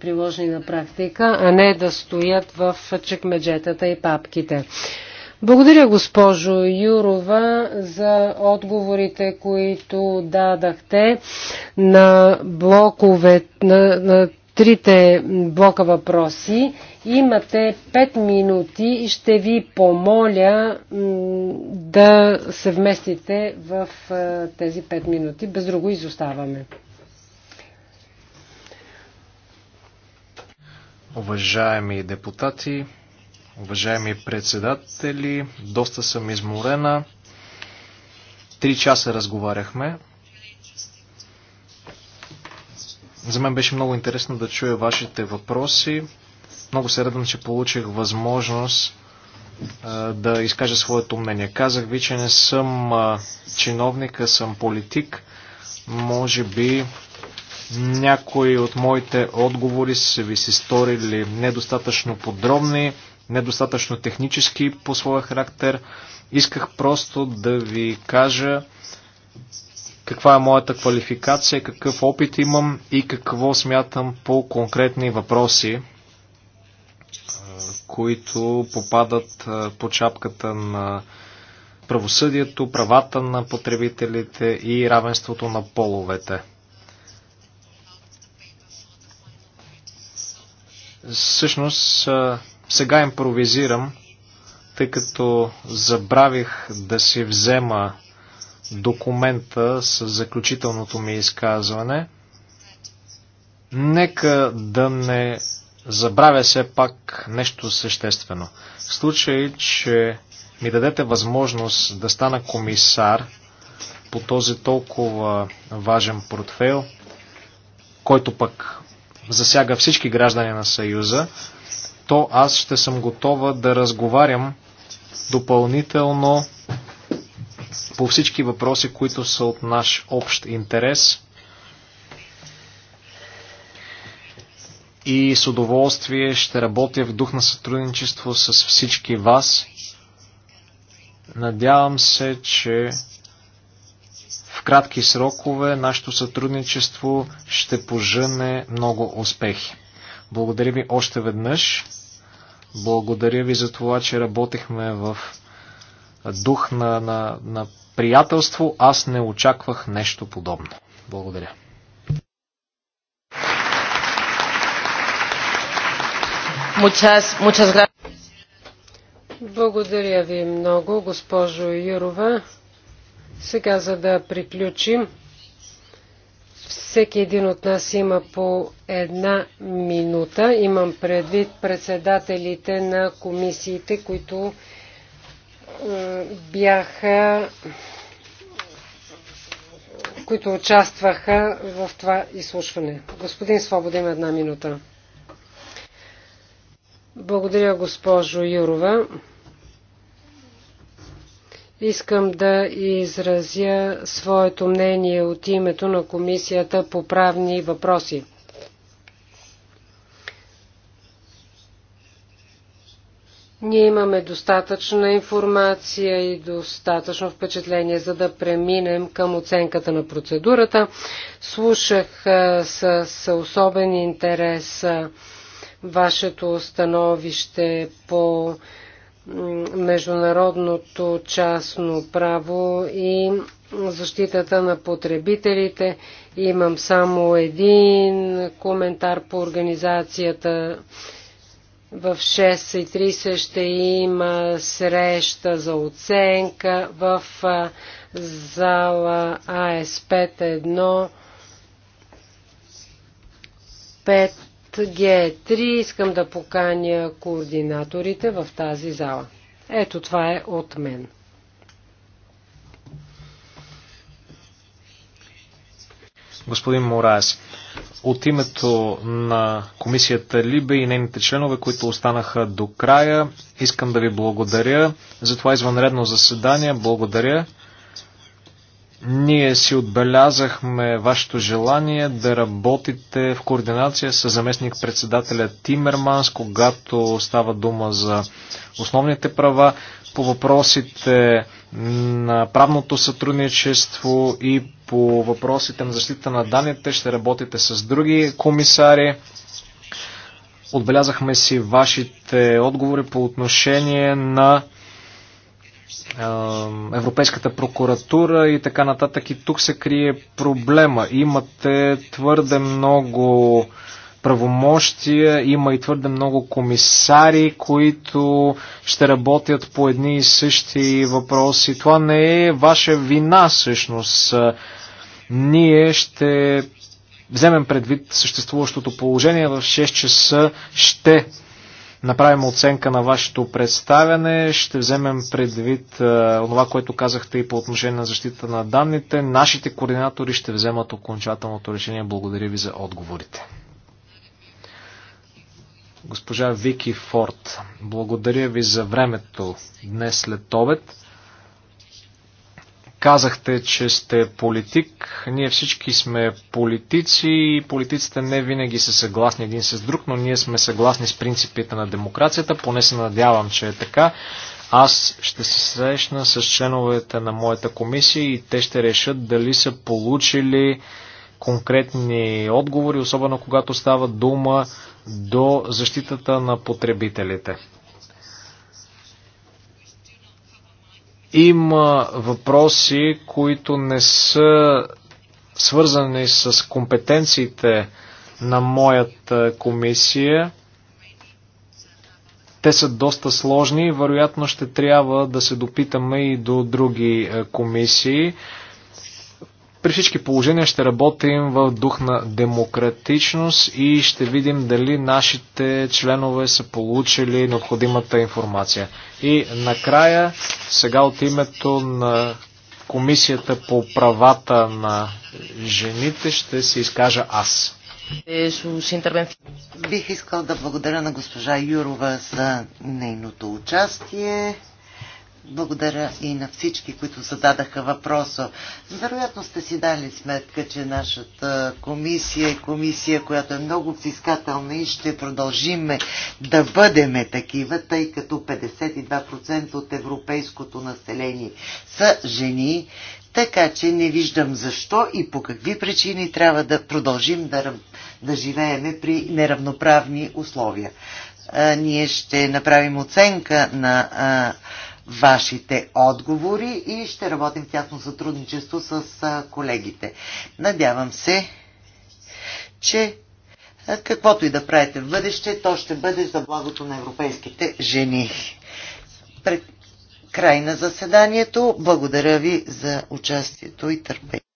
приложени на практика, а не да стоят в чекмеджетата и папките. Благодаря, госпожо Юрова, за отговорите, които дадахте на блокове, на, на трите блока въпроси. Имате 5 минути и ще ви помоля да се вместите в тези 5 минути. Без друго изоставаме. уважаеми депутати, уважаеми председатели, доста съм изморена. Три часа разговаряхме. За мен беше много интересно да чуя вашите въпроси. Много се радвам, че получих възможност да изкажа своето мнение. Казах ви, че не съм чиновник, а съм политик. Може би някои от моите отговори са ви се сторили недостатъчно подробни, недостатъчно технически по своя характер. Исках просто да ви кажа каква е моята квалификация, какъв опит имам и какво смятам по конкретни въпроси, които попадат по чапката на правосъдието, правата на потребителите и равенството на половете. Всъщност, сега импровизирам, тъй като забравих да си взема документа с заключителното ми изказване. Нека да не забравя все пак нещо съществено. В случай, че ми дадете възможност да стана комисар по този толкова важен портфейл, който пък засяга всички граждани на Съюза, то аз ще съм готова да разговарям допълнително по всички въпроси, които са от наш общ интерес. И с удоволствие ще работя в дух на сътрудничество с всички вас. Надявам се, че кратки срокове нашето сътрудничество ще пожене много успехи. Благодаря ви още веднъж. Благодаря ви за това, че работихме в дух на, на, на приятелство. Аз не очаквах нещо подобно. Благодаря. Благодаря ви много, госпожо Юрова. Сега, за да приключим, всеки един от нас има по една минута. Имам предвид председателите на комисиите, които е, бяха които участваха в това изслушване. Господин Свобода има една минута. Благодаря, госпожо Юрова. Искам да изразя своето мнение от името на Комисията по правни въпроси. Ние имаме достатъчна информация и достатъчно впечатление, за да преминем към оценката на процедурата. Слушах с, с особен интерес вашето становище по международното частно право и защитата на потребителите. Имам само един коментар по организацията. В 6.30 ще има среща за оценка в зала АС 5.1. 5 г3 искам да поканя координаторите в тази зала. Ето това е от мен. Господин Мораес, от името на комисията Либе и нейните членове, които останаха до края, искам да ви благодаря за това извънредно заседание. Благодаря ние си отбелязахме вашето желание да работите в координация с заместник председателя Тимерманс, когато става дума за основните права по въпросите на правното сътрудничество и по въпросите на защита на данните. Ще работите с други комисари. Отбелязахме си вашите отговори по отношение на Европейската прокуратура и така нататък. И тук се крие проблема. Имате твърде много правомощия, има и твърде много комисари, които ще работят по едни и същи въпроси. Това не е ваша вина, всъщност. Ние ще вземем предвид съществуващото положение в 6 часа ще направим оценка на вашето представяне, ще вземем предвид това, е, което казахте и по отношение на защита на данните. Нашите координатори ще вземат окончателното решение. Благодаря ви за отговорите. Госпожа Вики Форд, благодаря ви за времето днес след обед. Казахте, че сте политик. Ние всички сме политици и политиците не винаги са съгласни един с друг, но ние сме съгласни с принципите на демокрацията. Поне се надявам, че е така. Аз ще се срещна с членовете на моята комисия и те ще решат дали са получили конкретни отговори, особено когато става дума до защитата на потребителите. Има въпроси, които не са свързани с компетенциите на моята комисия. Те са доста сложни и вероятно ще трябва да се допитаме и до други е, комисии. При всички положения ще работим в дух на демократичност и ще видим дали нашите членове са получили необходимата информация. И накрая, сега от името на Комисията по правата на жените ще се изкажа аз. Бих искал да благодаря на госпожа Юрова за нейното участие. Благодаря и на всички, които зададаха въпроса. Вероятно сте си дали сметка, че нашата комисия е комисия, която е много взискателна и ще продължиме да бъдеме такива, тъй като 52% от европейското население са жени, така че не виждам защо и по какви причини трябва да продължим да, да живееме при неравноправни условия. А, ние ще направим оценка на а, вашите отговори и ще работим в тясно сътрудничество с колегите. Надявам се, че каквото и да правите в бъдеще, то ще бъде за благото на европейските жени. Пред край на заседанието, благодаря ви за участието и търпение.